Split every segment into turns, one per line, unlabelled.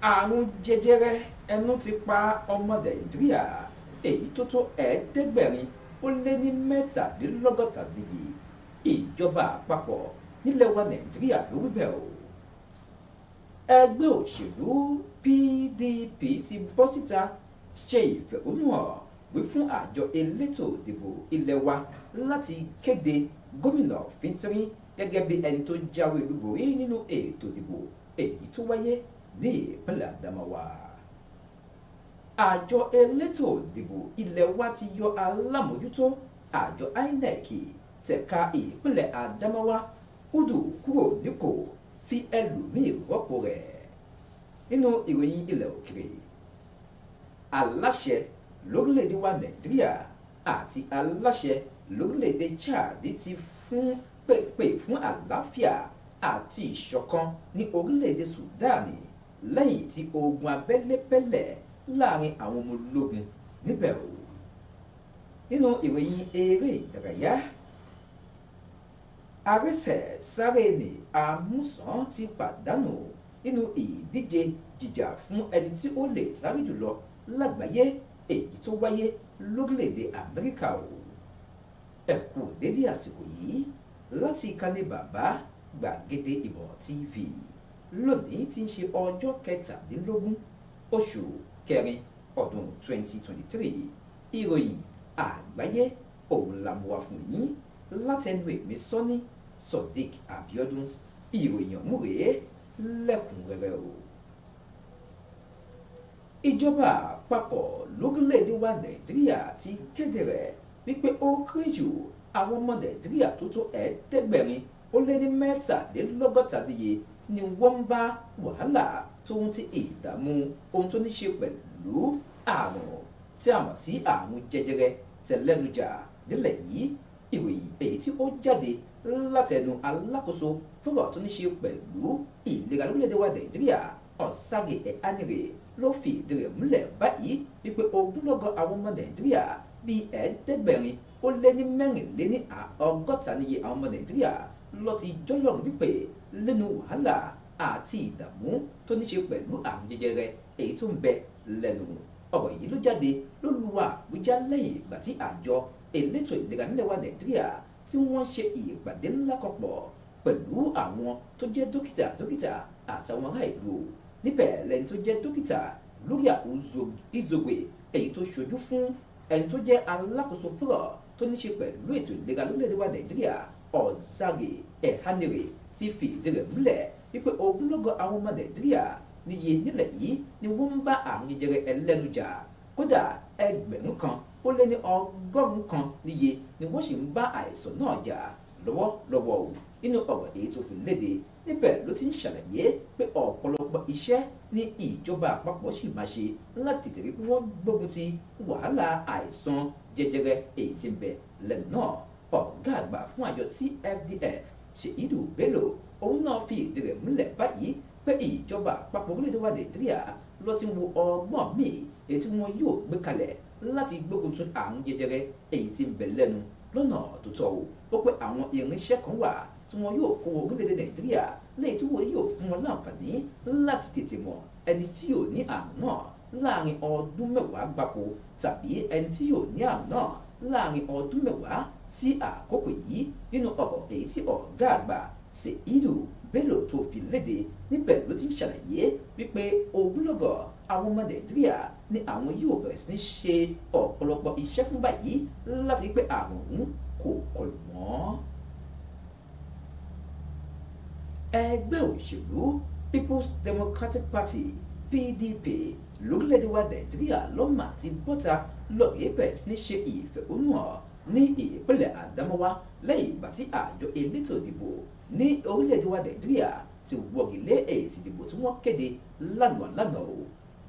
àrùn jẹjẹrẹ ẹnu ti pa ọmọ nàìjíríà èyí tó tó ẹ̀ẹ́dẹ́gbẹ̀rin ó lé ní mẹ́tàlélọ́gọ́ta méjì ìjọba àpapọ̀ nílẹ̀ wa nàìjíríà ló wí bẹ́ẹ̀ o ẹgbẹ́ òṣèlú PDP ti bọ́ síta ṣe ìfẹ̀hónúhàn wí fún àjọ elétò ìdìbò ilé wa láti kéde gómìnà fíntírín gẹ́gẹ́ bí ẹni tó jáwé olúborí nínú ètò ìdìbò èyí tó wáyé ní ìpínlẹ̀ Adamawa àjọ elétò ìdìbò ilẹ̀ wa ti yọ alámòjútó àjọ INEC tẹ̀ka ìpínlẹ̀ Adamawa Udu kúrò nípò fi ẹlòmíì rọ́pò rẹ̀ nínú ìròyìn ilẹ̀ òkèrè aláṣẹ lórílẹ̀‐èdè wa Nàìjíríà àti aláṣẹ lórílẹ̀‐èdè Chad ti fún pèpè fún àlàáfíà àti ìṣọ̀kan ní orílẹ̀‐èdè Sudan yìí lẹ́yìn tí ogun abẹ́lé bẹ́lẹ̀ láàrin àwọn ọmọ ológun níbẹ̀ o nínú ìròyìn eré ìdárayá arẹsẹ̀ sáré ní amúsàn ti pàdánù nínú ìdíje jìjà fún ẹni tí ó lè sáré jùlọ lágbàáyé èyí tó wáyé lórílẹ̀‐èdè amẹ́ríkà o ẹ kú dédé àsìkò yìí láti ìkànnì bàbá gbàgede ìmọ̀ tv lónìí ti ń ṣe ọjọ́ kẹtàdínlógún oṣù kẹrin ọdún 2023 ìròyìn àgbáyé òun la mú wá fún yín látẹnu èmi sọ́ni Sodiq Abiodun ìròyìn ọ̀hún rèé lẹ́kùnrẹ́rẹ́ o. ìjọba àpapọ̀ lórílẹ̀‐èdè wa nàìjíríà ti kéde rẹ̀ wípé ó kéré jù àwọn ọmọ nàìjíríà tó tó ẹ̀ẹ́dẹ́gbẹ̀rin ó lé ní mẹ́tàlélọ́gọ́ta níye ni wọ́n bá wàhálà tó ń ti ìdààmú ohun tó ní ṣe pẹ̀lú àrùn tí a mọ̀ sí àrùn jẹjẹrẹ tẹlẹ́nujà nílẹ̀ yìí ìròyìn èyí tí ó jáde látẹnu alákòóso fúnra tó ní ṣe pẹ̀lú ìlera lórílẹ̀‐èdè wa nàìjíríà ọ̀ságe ẹ̀hánirè ló fi ìdí múlẹ̀ báyìí wípé ogúnlọ́gọ̀ àwọn ọmọ nàìjíríà bíi ẹ̀ẹ́dẹ́gbẹ̀rin ó lé ní mẹ́rìnléní ọgọ́ta níye àwọn ọmọ nàìjíríà ló ti jọlọ́run wípé lẹ́nu wàhálà àti ìdààmú tó ní ṣe pẹ̀lú àrùn jẹjẹrẹ èyí tó ń bẹ lẹ́nu ọ̀rọ̀ yìí ló jáde lólùwà Àbújá lẹ́yìn ìgbà tí àjọ elétò ìlera nílẹ̀ wa Nàìjíríà tí wọ́n ṣe ìpàdé ńlá kan pọ̀ pẹ̀lú àwọn tó jẹ́ dókítà dókítà àtàwọn ará ìlú níbẹ̀ lẹ́ni tó jẹ́ dókítà lórí àkóso ìzògbè èyí tó ṣojú fún ẹni tó jẹ́ alákòóso fúrọ̀ tó ní ṣe pẹ̀lú ètò ìlera lórílẹ̀‐èdè wa Nàìjíríà ọ̀zàgè ẹ̀hánirè ti fìdí rẹ̀ múlẹ̀ wípé ogunlọ́gọ̀ àwọn ọmọ nàìjíríà ni nílẹ̀ yìí ni wọ́n ń bá àrùn jẹjẹrẹ ẹlẹ́nu jà kódà ẹgbẹ̀rún kan ó lé ní ọgọ́rùn-ún kan níye ni wọ́n sì ń bá àìsàn náà jà lọ́wọ́lọ́wọ́ o nínú ọ̀rọ̀ èyí tó fi léde níbẹ̀ ló ti ń ṣàlàyé pé ọ̀pọ̀lọpọ̀ iṣẹ́ ní ìjọba àpapọ̀ sì máa ṣe láti tẹ̀lé pé wọ́n gbógun ti wàhálà àìsàn jẹjẹrẹ èyí tí ń lẹ́nu náà ọ̀gá àgbà fún àjọ CFDF Si itu belo, orang fi ìdí mulai bayi, bayi pé ìjọba àpapọ̀ itu èdè wa nàìjíríà ló ti wo ọgbọ́n míì èyí tí wọn yóò gbé kalẹ̀ láti gbógun tún àrùn jẹjẹrẹ èyí tí ń bẹ lẹ́nu lọ́nà tó tọ́ o ó pé àwọn irinṣẹ́ kan wà tí wọn yóò kó orílẹ̀-èdè nàìjíríà ni tí wọn yóò fún wọn láǹfààní láti tètè mọ̀ ẹni tí yóò ní àrùn náà láàrin láàrin ọdún mẹ́wàá sí àkókò yìí nínú ọ̀rọ̀ èyí tí ọ̀gá àgbà Ṣèyídù Bello tó fi léde níbẹ̀ ló ti ń ṣàlàyé wípé ogunlọ́gọ̀ àwọn ọmọ Nàìjíríà ni àwọn yóò bẹ̀rẹ̀ sí ní ṣe ọ̀pọ̀lọpọ̀ iṣẹ́ fún báyìí láti rí pé àrùn ọ̀hún kò kọlù wọ́n. ẹgbẹ́ òṣèlú People's Democratic Party PDP lórílẹ̀‐èdè wa nàìjíríà lọ́mà àti bọ́ta lọ́ọ̀rẹ́ bẹ̀rẹ̀ sí ní ṣe ìfẹ̀hónúhàn ní ìpínlẹ̀ àdámáwá lẹ́yìn ìgbà tí àjọ elétò ìdìbò ní orílẹ̀‐èdè wa nàìjíríà ti wọ́gi lé èsì ìdìbò tí wọ́n kéde lánàá lánàá o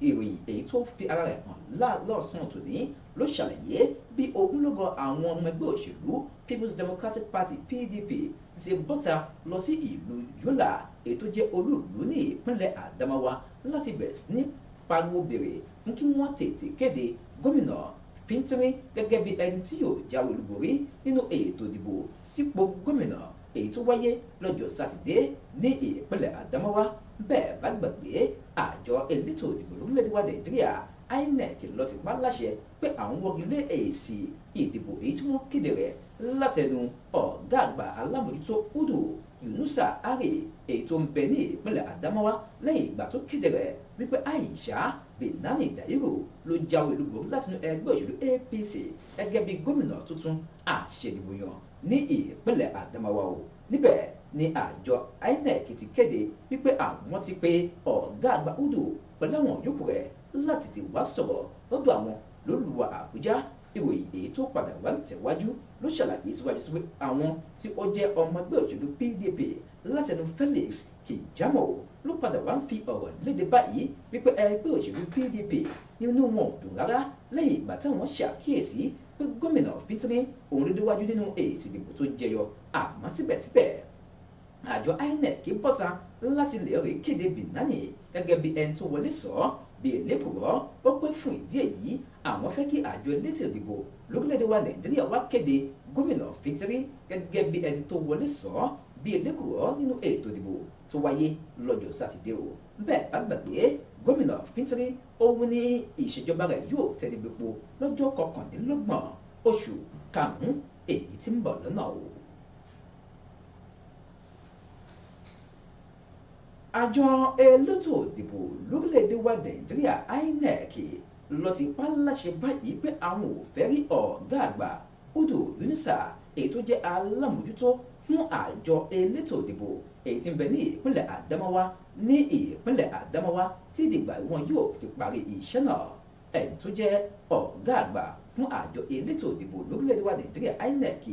ìròyìn èyí tó fi ara rẹ̀ hàn lọ́sàn-án tòní ló ṣàlàyé bí ogúnlọ́gọ̀ àwọn ọmọ ẹgbẹ́ òṣèlú People's Democratic Party PDP ti ṣe bọ́ta lọ sí ìlú Yola èyí tó jẹ́ olú ìlú ní ìpínlẹ̀ Adamawa láti bẹ̀rẹ̀ sí ní pariwo béèrè fún kí wọ́n tètè kéde gómìnà píntínrín gẹ́gẹ́ bí ẹni tí yóò jáwé olúborí nínú ètò ìdìbò sípò gómìnà èyí tó wáyé lọ́jọ́ sátidé ní ìpínlẹ̀ àdámáwá bẹ́ẹ̀ bá gbàgbé àjọ elétò ìdìbò lórílẹ̀‐èdè wa nàìjíríà inec ló ti pa láṣẹ pé àwọn wọ́gi lé èsì ìdìbò èyí tí wọ́n kéde rẹ̀ látẹnu ọ̀gá àgbà alámòjútó udu yunusa ari èyí tó ń bẹ ní ìpínlẹ̀ àdámáwá lẹ́yìn ìgbà tó kéde rẹ̀ wípé Aisha Binani Dairo ló jáwé olúborí látinú ẹgbẹ́ òṣèlú APC gẹ́gẹ́ bí gómìnà tuntun àṣedìbòyàn ní ìpínlẹ̀ Adamawa o níbẹ̀ ni àjọ INEC ti kéde wípé àwọn ti pè ọ̀gá àgbà udo pẹ̀lú àwọn yòókù rẹ̀ láti ti wá sọ̀rọ̀ lọ́dọ̀ àwọn lólùwà Àbújá ìròyìn èyí tó padà wá tẹ̀wájú ló ṣàlàyé síwájú sí àwọn tí ó jẹ́ ọmọ ẹgbẹ́ òṣèlú PDP látẹnu Felix Kìjámọ̀ ló padà wá ń fi ọ̀rọ̀ léde báyìí wípé ẹgbẹ́ òṣèlú PDP nínú wọn ò dùn rárá lẹ́yìn ìgbà táwọn ṣàkíyèsí pé gómìnà fintiri òun ló déwájú nínú èsì ìdìbò tó jẹyọ àmọ́ síbẹ̀síbẹ̀ àjọ INEC bọ́ta láti lè rí kéde Binani gẹ́gẹ́ bí ẹni tó wọlé sọ bí lẹ́kọ̀ọ́ ó pé fún ìdí èyí àwọn fẹ́ kí àjọ elétò ìdìbò lórílẹ̀ wa Nàìjíríà wá kéde gómìnà fintiri gẹ́gẹ́ bí ẹni tó wọlé sọ bí lẹ́kọ̀ọ́ nínú ètò ìdìbò tó wáyé lọ́jọ́ sátidé o bẹ́ẹ̀ bá gbàgbé gómìnà Fintiri ó wí ní ìṣèjọba rẹ̀ yóò tẹ̀lé gbogbo lọ́jọ́ kọkàndínlọ́gbọ̀n oṣù karùn-ún èyí tí ń bọ̀ lọ́nà o. àjọ elétò ìdìbò lórílẹ̀‐èdè wa nàìjíríà INEC ló ti pa láṣẹ báyìí pé àwọn ò fẹ́ rí ọ̀gá àgbà Udo Yunusa èyí tó jẹ́ alámòjútó fún àjọ elétò ìdìbò èyí tí ń bẹ ní ìpínlẹ̀ Àdámáwá ní ìpínlẹ̀ Àdámáwá tí ìdìgbà wọn yóò fi parí iṣẹ́ náà ẹni tó jẹ́ ọ̀gá àgbà fún àjọ elétò ìdìbò lórílẹ̀‐èdè wa Nàìjíríà INEC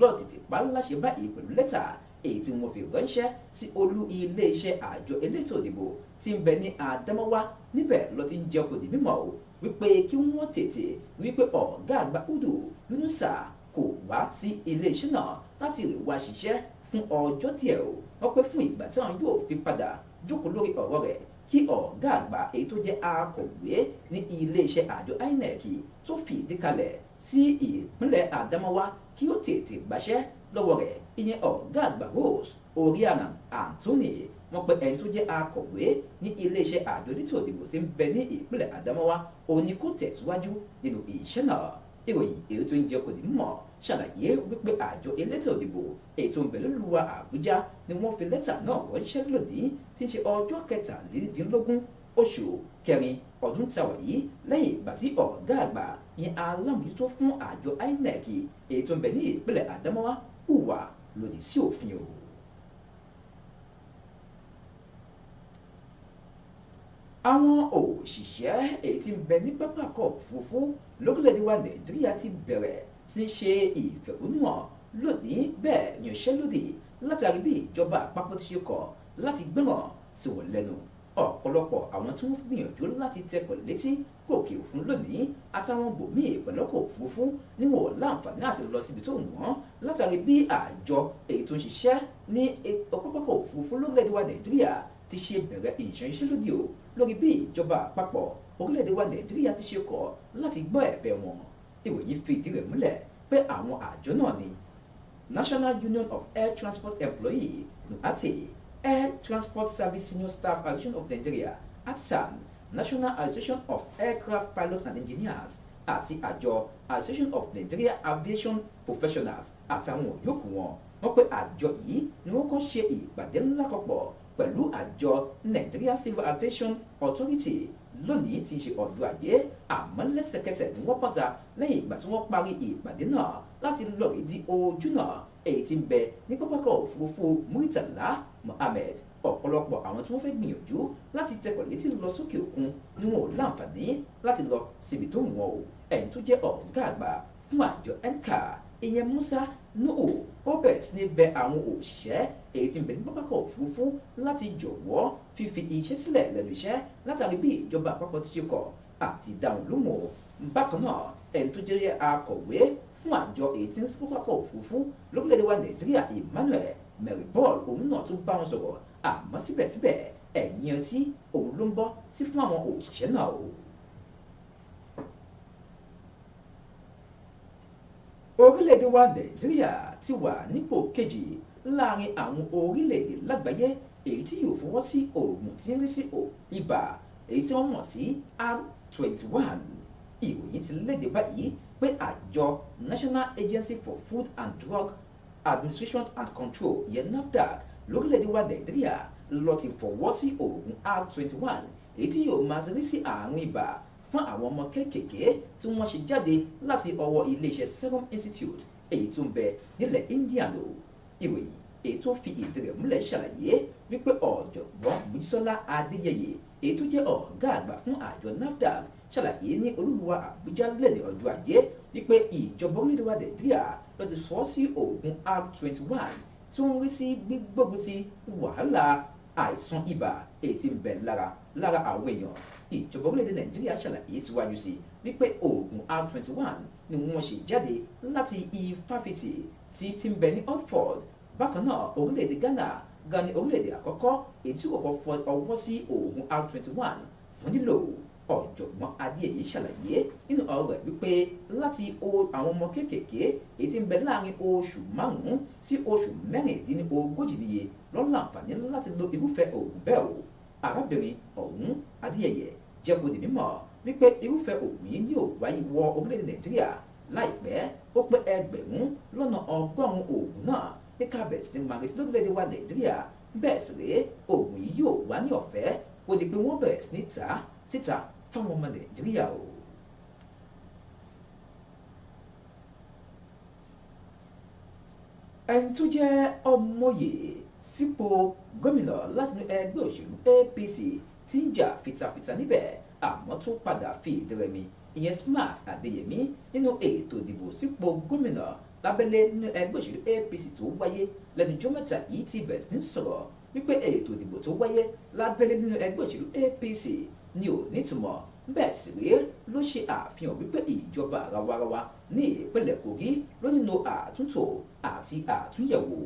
lọ́ọ̀ tètè pa láṣẹ báyìí pẹ̀lú lẹ́tà èyí tí wọ́n fi ránṣẹ́ sí olú iléeṣẹ́ àjọ elétò ìdìbò tí ń bẹ ní Àdámáwá níbẹ̀ ló ti ń jẹ́ kó di o wípé kí wọ́n tètè wípé ọ̀gá àgbà Udu Yunusa kò wá sí iléeṣẹ́ náà láti lè wá ṣiṣẹ́ fún ọjọ́ díẹ̀ o wọ́n pé fún ìgbà tí wọn yóò fi padà jókòó lórí ọ̀rọ̀ rẹ̀ kí ọ̀gá àgbà èyí tó jẹ́ akọ̀wé ní iléeṣẹ́ àjọ INEC tó fìdí kalẹ̀ sí ìpínlẹ̀ Adamawa kí ó tètè gbaṣẹ́ lọ́wọ́ rẹ̀ ìyẹn ọ̀gá àgbà Rose Oriaran Anthony wọ́n pé ẹni tó jẹ́ akọ̀wé ní iléeṣẹ́ àjọ onítò òdìbò tí ń bẹ ní ìpínlẹ̀ Adamawa òní kó tẹ̀síwájú nínú iṣẹ́ náà ìròyìn èyí tó ń jẹ́ kò ní mọ̀ ṣàlàyé wípé àjọ elétò ìdìbò ètò ìbẹ̀lẹ́lúwa àbújá ni wọ́n fi lẹ́tà náà ránṣẹ́ lòdì tí í ṣe ọjọ́ kẹtàlélógún oṣù kẹrin ọdún tàwa yìí lẹ́yìn ìgbà tí ọ̀gá àgbà yẹn alámòjútó fún àjọ inec ètò ìbẹ̀ ní ìpínlẹ̀ àdámáwá hùwà lòdì sí òfin o. àwọn òṣìṣẹ́ èyí tí ń bẹ ní pápákọ̀ òfurufú lókèlè wa nàìjíríà ti bẹ̀rẹ̀ ti ń ṣe ìfẹ̀hónúhàn lónìí bẹ́ẹ̀ yanṣẹ́lódì látàrí bí ìjọba àpapọ̀ ti ṣe kọ̀ láti gbọ́ràn sí wọn lẹ́nu ọ̀pọ̀lọpọ̀ àwọn tí wọ́n gbìyànjú láti tẹkọ̀ létí gòkè òfin lónìí àtàwọn bòmíì ìpẹ̀lọ́kọ̀ òfurufú níwọ̀n láǹfààní àti lọ síbi tó wọ́n látàrí bí àjọ èyí tó ń ṣiṣẹ́ ní ọpọ́pọ́kọ̀ òfurufú lórílẹ̀‐èdè wa nàìjíríà ti ṣe bẹ̀rẹ̀ ìyanṣẹ́lódì o lórí bí ìjọba àpapọ̀ orílẹ̀‐èdè wa nàìjíríà ti ṣe kọ̀ láti gbọ́ ẹ̀bẹ̀ wọn ìròyìn fi ìdí rẹ̀ múlẹ̀ pé àwọn àjọ náà ni National Union of Air Transport Employees NUATE Air Transport Service Senior Staff Association of Nigeria ATSAN National Association of Aircraft Pilots and Engineers àti àjọ association of nigeria aviation professionals àtàwọn yòókù wọn wọ́n pé àjọ yìí ni wọ́n kàn ṣe ìpàdé ńlá kan pọ̀ pẹ̀lú àjọ Nigeria Civil Aviation Authority lónìí ti ṣe ọjọ́ ajé àmọ́ lẹ́sẹ̀kẹsẹ̀ ni wọ́n pọ̀ta lẹ́yìn ìgbà tí wọ́n parí ìpàdé náà láti lọ́ọ̀rì di ojúnà èyí tí ń bẹ ní pápákọ̀ òfurufú Muritala Mohammed ọ̀pọ̀lọpọ̀ àwọn tí wọ́n fẹ́ gbìyànjú láti tẹkọ̀ létí lọ sókè òkun ni wọn ò láǹfààní láti lọ síbi tó wọ̀n o ẹni tó jẹ́ ọ̀gá àgbà fún àjọ NCAA ìyẹn Musa no ó bẹ̀rẹ̀ sí ní bẹ àwọn òṣìṣẹ́ èyí tí ń pápákọ̀ òfurufú láti jọ̀wọ́ fífi iṣẹ́ sílẹ̀ lẹ́nu iṣẹ́ látàrí bí ìjọba àpapọ̀ ti ṣe kọ̀ àti dáhùn lóhùn bákan náà ẹni tó jẹ́ akọ̀wé fún àjọ èyí tí ń sí pápákọ̀ òfurufú lórílẹ̀ wa nàìjíríà emmanuel mary paul òun náà tún bá wọn sọ̀rọ̀ àmọ́ síbẹ̀síbẹ̀ ẹ̀yìn ọtí òun ló ń bọ́ sí fún àwọn òṣìṣẹ́ náà o. wa nàìjíríà ti wà nípò kejì láàrin àwọn orílẹ̀-èdè lágbàáyé èyí tí yóò fọwọ́ sí oògùn tí ń rí sí ibà èyí tí wọ́n mọ̀ sí r twenty one ìròyìn ti léde báyìí pé àjọ National Agency for Food and Drug Administration and Control yẹn NAFDAC lórílẹ̀‐èdè wa nàìjíríà ló ti fọwọ́ sí oògùn r twenty one èyí tí yóò máa rí sí àrùn ibà fún àwọn ọmọ kéékèèké tí wọ́n ṣe jáde láti ọwọ́ iléeṣẹ́ Serum Institute èyí tó ń bẹ nílẹ̀ India lò ìròyìn èyí tó fi ìdí rẹ̀ múlẹ̀ ṣàlàyé wípé ọ̀jọ̀gbọ́n Mojísọ́lá Adéyẹyẹ èyí tó jẹ́ ọ̀gá àgbà fún àjọ NAFDAC ṣàlàyé ní olúluwa Àbújá lẹ́nu ọjọ́ ajé wípé ìjọba orílẹ̀-èdè wa Nàìjíríà ló ti sọ sí oògùn R twenty one tí ó ń rí sí gbígbógun ti wàhálà àìsàn ibà èyí tí ń bẹ lára lára àwọn èèyàn ìjọba orílẹ̀-èdè nàìjíríà ṣàlàyé síwájú sí wípé oògùn r twenty one ni wọ́n ṣe jáde láti ifáfitì tí ti ń bẹ ní oxford bákan náà orílẹ̀-èdè ghana ghana ni orílẹ̀-èdè àkọ́kọ́ èyí tí kọ́kọ́ fọ ọwọ́ sí oògùn r twenty one fún lílò ọ̀jọ̀gbọ́n adéyẹyẹ ṣàlàyé nínú ọ̀rọ̀ rẹ̀ wípé láti àwọn ọmọ kéékèèké èyí tí ń bẹ láàrin oṣù márùn-ún sí oṣù mẹ́rìndínlógójì níye ló láǹfààní láti lo irúfẹ́ oògùn bẹ́ẹ̀ o arábìnrin ọ̀hún adéyẹyẹ jẹ́ kó di mímọ̀ wípé irúfẹ́ ògùn yìí yóò wáyé wọ orílẹ̀-èdè nàìjíríà láìpẹ́ ó pé ẹgbẹ̀rún lọ́nà ọgọ́rùn-ún ògùn náà ní kábẹ̀tì ní màrí sí lórílẹ̀-èdè wa nàìjíríà bẹ́ẹ̀ sì rèé ògùn yìí yóò wá ní ọ̀fẹ́ kó di pé wọ́n bẹ̀rẹ̀ sí ní ta síta fáwọn ọmọ nàìjíríà o. ẹni tó jẹ́ ọmọye sípò gómìnà láti inú ẹgbẹ́ òṣèlú APC tí ń jà fìtàfìtà níbẹ̀ àmọ́ tó padà fi ìdírẹmi ìyẹn Smart Adéyẹmí nínú ètò ìdìbò sípò gómìnà lábẹ́lé nínú ẹgbẹ́ òṣèlú APC tó wáyé lẹ́nu jọ́ mẹ́ta yìí ti bẹ̀rẹ̀ sí ń sọ̀rọ̀ wípé ètò ìdìbò tó wáyé lábẹ́lé nínú ẹgbẹ́ òṣèlú APC ni ò nítumọ̀ bẹ́ẹ̀ sì rèé ló ṣe àfihàn wípé ìjọba àrawarawa ní ìpínlẹ̀ Kogi ló nílò àtúntò àti àtúnyẹ̀wò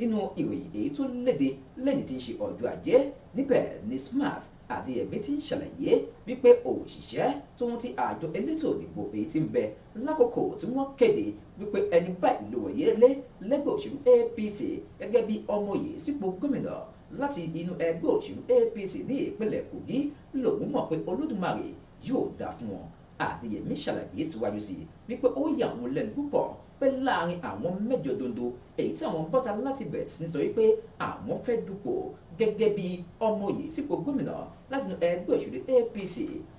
nínú ìròyìn èyí tó léde lẹ́yìn tí ń ṣe ọjọ́ ajé níbẹ̀ ni smart àti ẹ̀mí ti ń ṣàlàyé wípé òṣìṣẹ́ tó ń ti àjọ elétò òdìbò èyí ti ń bẹ lákòókò tí wọ́n kéde wípé ẹni báyìí ló wọ̀nyí lé lẹ́gbẹ́ òṣèlú APC gẹ́gẹ́ bí ọmọ yìí sípò gómìnà láti inú ẹgbẹ́ òṣèlú APC ní ìpínlẹ̀ Kogi lòun mọ̀ pé Olódùmarè yóò dá fún wọn Adéyẹmí ṣàlàyé síwájú sí wípé ó yà wọn lẹ́nu púpọ̀ pé láàrin àwọn mẹ́jọ dondo èyí tí àwọn bọ́ta láti bẹ̀rẹ̀ sí sọ wípé àwọn fẹ́ dupò gẹ́gẹ́ bí ọmọ yìí sípò gómìnà láti inú ẹgbẹ́ òṣèlú APC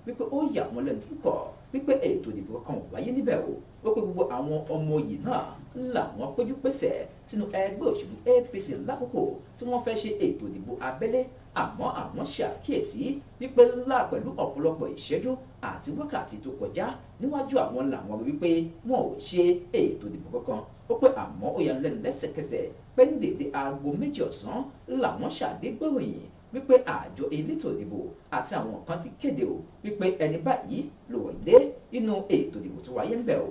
wípé ó yà wọ́n lẹ́nu púpọ̀ wípé ètò ìdìbò kan ò wáyé níbẹ̀ o ó pé gbogbo àwọn ọmọ yìí náà làwọn péjú pésẹ̀ sínú ẹgbẹ́ òṣèlú APC lákòókò tí wọ́n fẹ́ ṣe ètò ìdìbò abẹ́lé àmọ́ àwọn ṣe àkíyèsí wípé ńlá pẹ̀lú ọ̀pọ̀lọpọ̀ ìṣẹ́jú àti wákàtí tó kọjá níwájú àwọn làwọn wípé wọn ò ṣe ètò ìdìbò kankan ó pé àmọ́ ó yà lẹ́nu lẹ́sẹ̀kẹsẹ̀ pé ní dédé aago méjì ọ̀sán làwọn ṣàdégbòròyìn wípé àjọ elétò ìdìbò àti àwọn kan ti kéde o wípé ẹni báyìí ló wọlé nínú ètò ìdìbò tó wáyé ńbẹ̀ o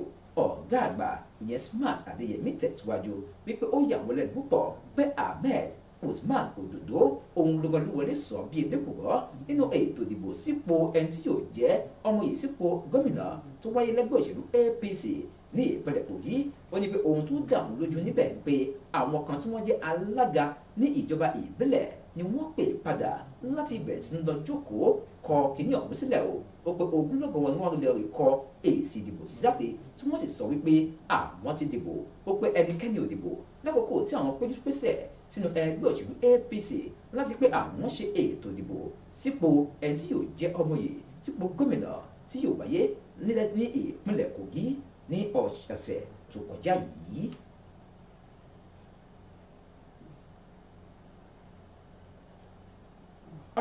ọ̀gá àgbà ìyẹn Smart Adéyẹmí tẹ̀síwájú wípé ó yà lẹ́nu púpọ̀ pé Ahmed Usman Ododo òun lọ́gọ́lúwọlé sọ bí edékùrọ́ nínú ètò ìdìbò sípò ẹni tí yóò jẹ́ ọmọ yìí sípò gómìnà tó wáyé lẹ́gbẹ́ òṣèlú APC ní ìpínlẹ̀ Kogi ó ní pé ohun tó dààmú lójú níbẹ̀ ń pé àwọn kan tí wọ́n jẹ́ alága ní ìjọba ìbílẹ̀ ni wọ́n pè padà láti ibẹ̀ tí ń lọ jókòó kọ kínní ọ̀hún sílẹ̀ o ó pé ogunlọ́gọ̀ wọn ni wọ́n lè rí kọ èsì ìdìbò sí jáde tí wọ́n sì sọ wípé àwọn ti dìbò ó pé ẹnikẹ́ni ò dìbò lákòókò tí àwọn péjúpésẹ̀ sínú ẹgbẹ́ òṣèlú APC láti pé àwọn ṣe ètò ìdìbò sípò ẹni tí yóò jẹ́ ọmọyè sípò gómìnà tí yóò wáyé ní ìpínlẹ̀ Kogi ní ọ̀sẹ̀ tó kọjá yìí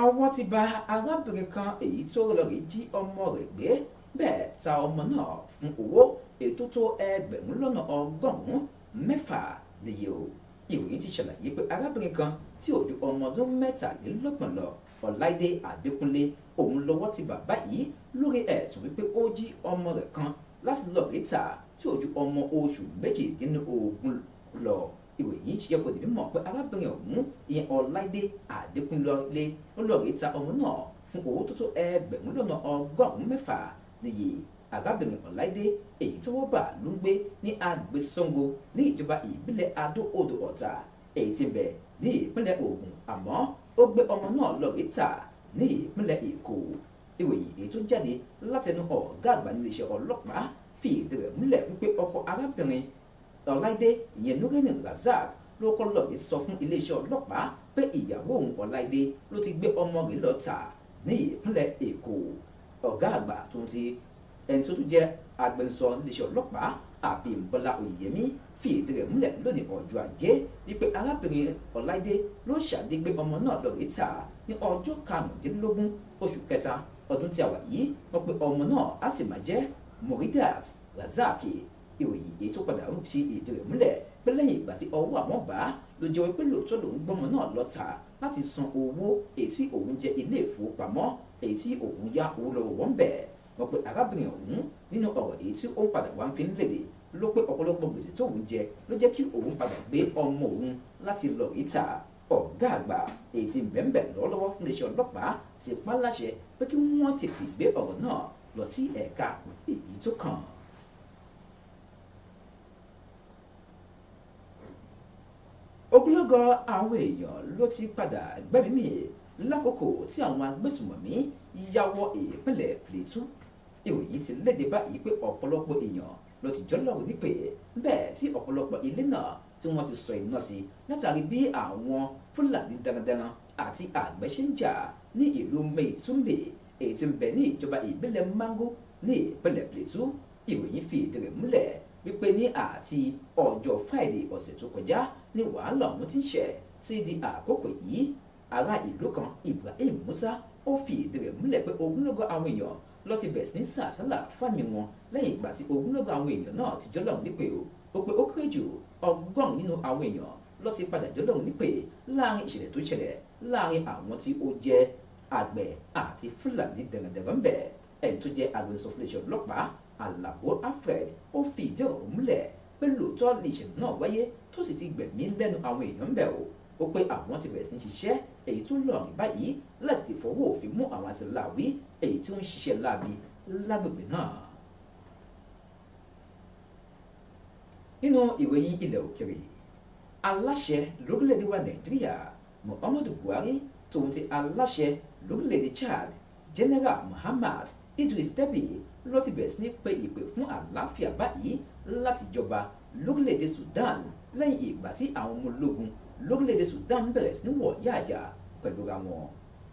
ọwọ́ ti ba arábìnrin kan èyí tó lọ rí jí ọmọ rẹ̀ gbé bẹ́ẹ̀ ta ọmọ náà fún owó ètò tó ẹgbẹ̀rún lọ́nà ọgọ́rùn-ún mẹ́fà nìyí o ìròyìn ti ṣàlàyé pé arábìnrin kan tí ó ju ọmọ ọdún mẹ́tàlélọ́gbọ̀n lọ ọláìdé adékúnlé òun lọ́wọ́ ti bà báyìí lórí ẹ̀sùn wípé ó jí ọmọ rẹ̀ kan láti lọ rí tí ó ọmọ oṣù méjìdínlógún lọ ìwé yìí ṣe yẹ kó lè pé arábìnrin ọ̀hún ìyẹn ọláìdé àdékúnlé ó ta ọmọ náà fún owó tó tó ẹgbẹ̀rún lọ́nà ọgọ́rùn-ún mẹ́fà arábìnrin ọláìdé èyí tí wọ́n bà ló ń gbé ní agbè ní ìjọba ìbílẹ̀ adó odò ọ̀tà èyí tí bẹ ní ìpínlẹ̀ Ògùn àmọ́ ó gbé ọmọ náà lọ ta ní ìpínlẹ̀ Èkó ìròyìn èyí tó jáde látẹnu ọ̀gá àgbà níléeṣẹ́ ọlọ́pàá fi ìdí rẹ̀ múlẹ̀ wípé ọkọ arábìnrin ọláìdé ìyẹn nureni razak ló kọ́ lọ́ọ́ sọ fún iléeṣẹ́ ọlọ́pàá pé ìyàwó òun ọláìdé ló ti gbé ọmọ rẹ̀ lọ tà ní ìpínlẹ̀ èkó ọ̀gá àgbà tó ń ti ẹni tó tún jẹ́ agbẹnusọ iléeṣẹ́ ọlọ́pàá àbímbọ́lá oyèyẹmí fi ìdí rẹ̀ múlẹ̀ lónìí ọjọ́ ajé wípé arábìnrin ọláìdé ló ṣàdégbé ọmọ náà lọ rí tà ní ọjọ́ karùndínlógún oṣù kẹta ọdún tí a wà yìí wọ́n pe ọmọ náà á sì máa jẹ́ muridat razaki ìròyìn èyí tó padà ń fi ìdí rẹ̀ múlẹ̀ pé lẹ́yìn ìgbà tí ọwọ́ àwọn bá ló jẹ́ pé lóòótọ́ lòún gbọ́mọ náà lọ́ta láti san owó èyí tí òun jẹ ilé ìfowópamọ́ èyí tí òun yá owó lọ́wọ́ wọn bẹ̀ wọ́n pe arábìnrin ọ̀hún nínú ọ̀rọ̀ èyí tí ó padà wá ń fi ń lèdè ló pé ọ̀pọ̀lọpọ̀ gbèsè tóun jẹ ló jẹ́ kí òun padà gbé ọmọ òun láti lọ rí ta ọ̀gá àgbà èyí tí bẹ́ẹ̀nbẹ́ẹ̀ lọ́wọ́lọ́wọ́ fún iléeṣẹ́ ọlọ́pàá ti pa láṣẹ pé kí wọ́n tètè gbé ọ̀rọ̀ náà lọ sí ẹ̀ka èyí tó kàn. lọ́lọ́gọ àwọn èèyàn ló ti padà gbẹ́mímì lákòókò tí àwọn agbésùmọ̀mí ya wọ ìpínlẹ̀ Plateau ìròyìn ti léde báyìí pé ọ̀pọ̀lọpọ̀ èèyàn ló ti jọlọ́run nípè bẹ́ẹ̀ tí ọ̀pọ̀lọpọ̀ ilé náà tí wọ́n ti sọ iná sí látàrí bí àwọn Fúlàní darandaran àti àgbẹ̀ ní ìlú Meitumbe èyí tí ń bẹ ní ìjọba ìbílẹ̀ Mangu ní ìpínlẹ̀ Plateau ìròyìn fi ìdí múlẹ̀ wípé ní àti ọjọ́ Friday ọ̀sẹ̀ tó kọjá ni wàhálà ọ̀hún ti ń ṣẹ̀ sí di àkókò yìí ará ìlú kan Ibrahim Musa ó fi ìdí rẹ̀ múlẹ̀ pé ogunlọ́gọ̀ àwọn èèyàn ló ti bẹ̀rẹ̀ sí ní sàṣálà fámì wọn lẹ́yìn ìgbà tí ogunlọ́gọ̀ àwọn èèyàn náà ti jọlọ́run nípè o ó pé ó kéré jù ọgọ́rùn-ún nínú àwọn èèyàn ló ti padà jọlọ́run nípè láàrin ìṣẹ̀lẹ̀ tó ṣẹlẹ̀ láàrin àwọn tí ó jẹ́ àgbẹ̀ àti fúlàní dẹ̀rẹ̀dẹ̀rẹ̀ ń bẹ̀ ẹni tó jẹ́ agbẹnusọ fúlẹ̀ṣẹ̀ ọlọ́pàá Alao Alfred ó fi ìdí ọ̀rọ̀ múlẹ̀ pé lóòótọ́ ni náà wáyé tó sì ti gbẹ̀mí lẹ́nu àwọn èèyàn ń bẹ̀ o ó pé àwọn ti bẹ̀rẹ̀ sí ṣiṣẹ́ èyí tó lọ rìn báyìí láti ti fọwọ́ òfin mú àwọn àti láàwí èyí tí ó ṣiṣẹ́ láabi lágbègbè náà. nínú ìròyìn ilẹ̀ òkèrè aláṣẹ lórílẹ̀‐èdè wa nàìjíríà muhammadu buhari tòun ti aláṣẹ lórílẹ̀‐èdè chad general muhammad idris deby ló ti bẹ̀rẹ̀ sí ní pe ìpè fún àlàáfíà báyìí láti jọba lórílẹ̀‐èdè Sudan lẹ́yìn ìgbà tí àwọn ọmọ ológun lórílẹ̀‐èdè Sudan bẹ̀rẹ̀ sí ní wọ̀ yáàjà pẹ̀lú ra wọn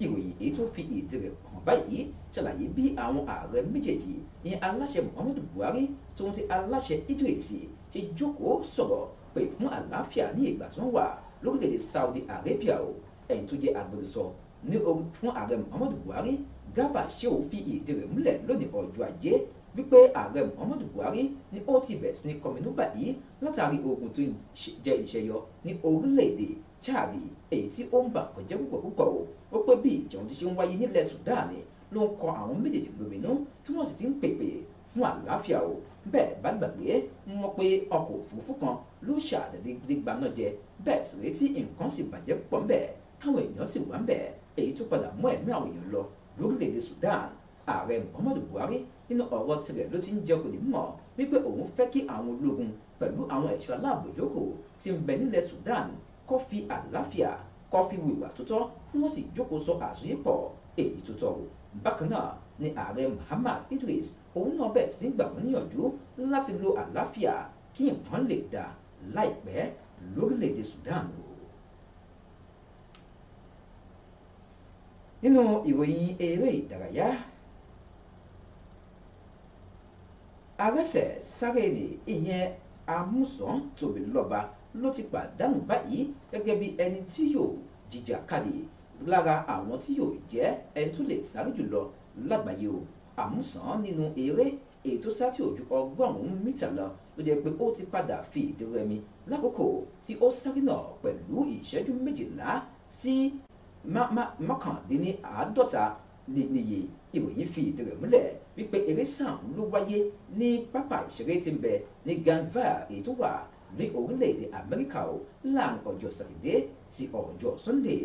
ìròyìn èyí tó fi èdè rẹ̀ hàn báyìí ṣàlàyé bí àwọn ààrẹ méjèèjì ní aláṣẹ Muhammadu Buhari tóun ti aláṣẹ Idris ṣe jókòó sọ̀rọ̀ pé fún àlàáfíà ní ìgbà tí wọ́n wà lórílẹ̀‐èdè Saudi Arabia o ẹ̀yìn tó jẹ́ agbẹnusọ ní orí fún ààrẹ Muhammadu Buhari Garba Shehu fi ìdí rẹ̀ múlẹ̀ lónìí ọjọ́ ajé wípé ààrẹ muhammadu buhari ni ó ti bẹ̀rẹ̀ sí ní kọminú báyìí látàrí ogun tó jẹ ìṣẹ̀yọ ní orílẹ̀-èdè chad èyí tí ó ń bà kọjá púpọ̀ púpọ̀ o ó pé bí ìjẹun ti ṣe ń wáyé nílẹ̀ sudan ló ń kọ àwọn méjèèjì lóminú tí wọ́n sì ti ń pèpè fún àlàáfíà o bẹ́ẹ̀ bá gbàgbé wọn pé ọkọ̀ òfurufú kan ló ṣàdédé gbígbà náà jẹ bẹ́ẹ̀ sì retí nǹkan sì bàjẹ́ pọ̀ ńbẹ̀ táwọn èèyàn sì wà ńbẹ̀ èyí tó padà mú ẹ̀mí àwọn èèyàn lọ lórílẹ̀‐èdè Sudan ààrẹ Muhammadu Buhari nínú ọ̀rọ̀ tirẹ̀ ló ti ń jẹ kò ní mọ̀ wípé òun fẹ́ kí àwọn ológun pẹ̀lú àwọn ẹ̀ṣọ́ aláàbòjókòó ti ń bẹ nílẹ̀ Sudan kó fi àlàáfíà kó fi wìwà tó tọ́ kí wọ́n sì jókòó sọ àsọyé pọ̀ èyí tó tọ́ o bákan náà ni ààrẹ Muhammad Idris òun náà bẹ̀rẹ̀ sí gbà wọ́n níyànjú láti lo àlàáfíà kí nǹkan lè dà láìpẹ́ lórílẹ̀‐èdè Sudan o. nínú ìròyìn eré ìdárayá arẹ́sẹ̀ sáréèlì ìyẹn amúsàn tòmílọ́ba ló ti pàdánù báyìí gẹ́gẹ́ bí ẹni tí yóò jìjàkadì lára àwọn tí yóò jẹ́ ẹni tó lè sáré jùlọ lágbàáyé o àmúsàn nínú eré ètò sátì ojú ọgọ́rùn-ún mítà lọ ló jẹ́ pé ó ti padà fi ìdí rẹmi lákòókò tí ó sáré náà pẹ̀lú ìṣẹ́jú méjìlá sí mọ́kàndínláàádọ́ta níníye ìròyìn fi ìdí rẹ̀ múlẹ̀ wípé eré sàn ló wáyé ní pápá ìṣeré tí ń bẹ ní Gainesville èyí tó wà ní orílẹ̀-èdè Amẹ́ríkà o láàrin ọjọ́ sátidé sí ọjọ́ sunday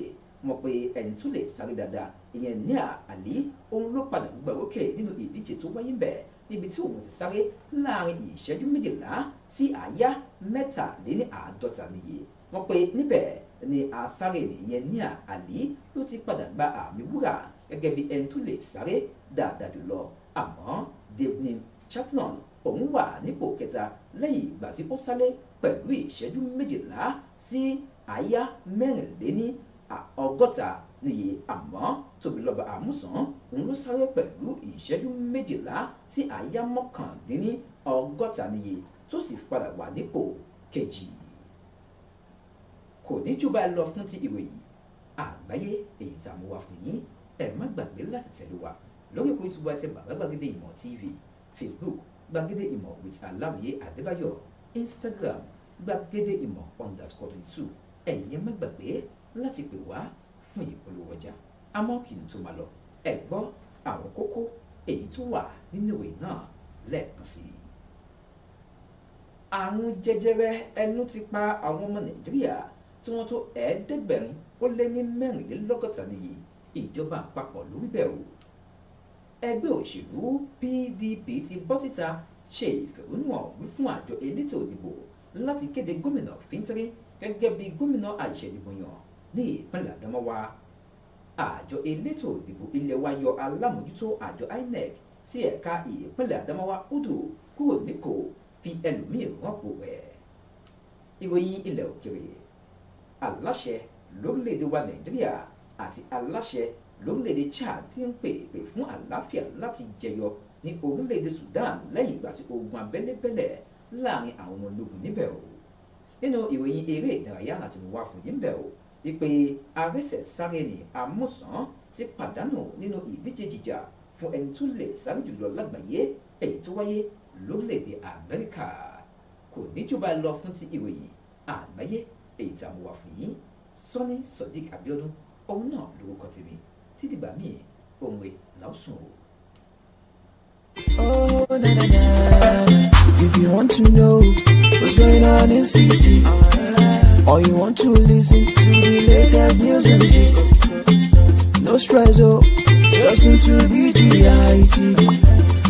mọ̀ pé ẹni tó lè sáré dáadáa ìyẹn ní àlí òun ló padà gbàrókè nínú ìdíje tó wáyé bẹ́ẹ̀ níbi tí òun ti sáré láàrin ìṣẹ́jú méjìlá sí àyá mẹ́tàléníàádọ́ta nìyí wọ́n pe níbẹ̀ ni asáré nìyẹn ní àlí ló ti padà gba àmì wúrà gẹ́gẹ́ bí ẹni tó lè sáré dáadáa jùlọ àmọ́ Devlin Chatlon òun wà nípò kẹta lẹ́yìn ìgbà tí ó sálé pẹ̀lú ìṣẹ́jú méjìlá sí àyá mẹ́rìnléní ọgọ́ta nìyí àmọ́ Tóbilọ́ba Àmúsàn òun ló sáré pẹ̀lú ìṣẹ́jú méjìlá sí àyá mọ́kàndínní ọgọ́ta nìyí tó sì padà wà nípò kejì kò ní jù lọ fún ti ìròyìn àgbáyé èyí tá a mú wá fún yín ẹ má gbàgbé láti tẹ̀lé wa lórí ìkó YouTube àti bàbá gbàgede ìmọ̀ TV Facebook gbàgede ìmọ̀ with aláwìyé adébáyọ̀ Instagram gbàgede ìmọ̀ underscore twenty two ẹ̀yin má gbàgbé láti pè wá fún ìpolówó ọjà àmọ́ kì í tó máa lọ ẹ gbọ́ àwọn kókó èyí tó wà nínú ìwé náà lẹ́ẹ̀kan sí i. àrùn jẹjẹrẹ ẹnu ti pa àwọn ọmọ nàìjíríà tí wọ́n tó ẹ̀ẹ́dẹ́gbẹ̀rin ó lé ní mẹ́rìnlélọ́gọ́ta nìyí ìjọba àpapọ̀ ló wí bẹ́ẹ̀ o ẹgbẹ́ òṣèlú PDP ti bọ́ síta ṣe ìfẹ̀hónúhàn wí fún àjọ elétò ìdìbò láti kéde gómìnà fíntírì gẹ́gẹ́ bí gómìnà àìṣèdìbòyàn ní ìpínlẹ̀ àdámọ́wá àjọ elétò ìdìbò ilé wa yọ alámòjútó àjọ INEC sí ẹ̀ka ìpínlẹ̀ àdámọ́wá udu kúrò nípò fi ẹlòmíì rọ́pò rẹ̀ ìròyìn ilẹ̀ òkèrè aláṣẹ lórílẹ̀‐èdè wa nàìjíríà àti aláṣẹ lórílẹ̀‐èdè Chad ti ń pè pè fún àlàáfíà láti jẹyọ ní orílẹ̀‐èdè Sudan lẹ́yìn ìgbà tí ogun abẹ́lé bẹ́lẹ̀ láàrin àwọn ọmọ ológun níbẹ̀ o nínú ìròyìn eré ìdárayá àti mọ̀wá fún yín bẹ̀ o wípé arẹ́sẹ̀ sáré ní amúsàn ti pàdánù nínú ìdíje jíjà fún ẹni tó lè sáré jùlọ lágbàáyé èyí tó wáyé lórílẹ̀‐èdè Amẹ́ríkà kò ní jù báyìí lọ fún ti ìròyìn àgbáyé èyí tí a mọ̀ wá fún yín Sọ́ni Abiodun òun náà lórúkọ tèmi títí dìgbà míì òǹwé làásùn o. Oh, na, na, na. If you want to know what's going on in city, or you want to listen to the latest news and gist, no stress, oh, just tune to BGI TV,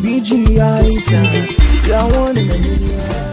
BGI TV, you're one in a million.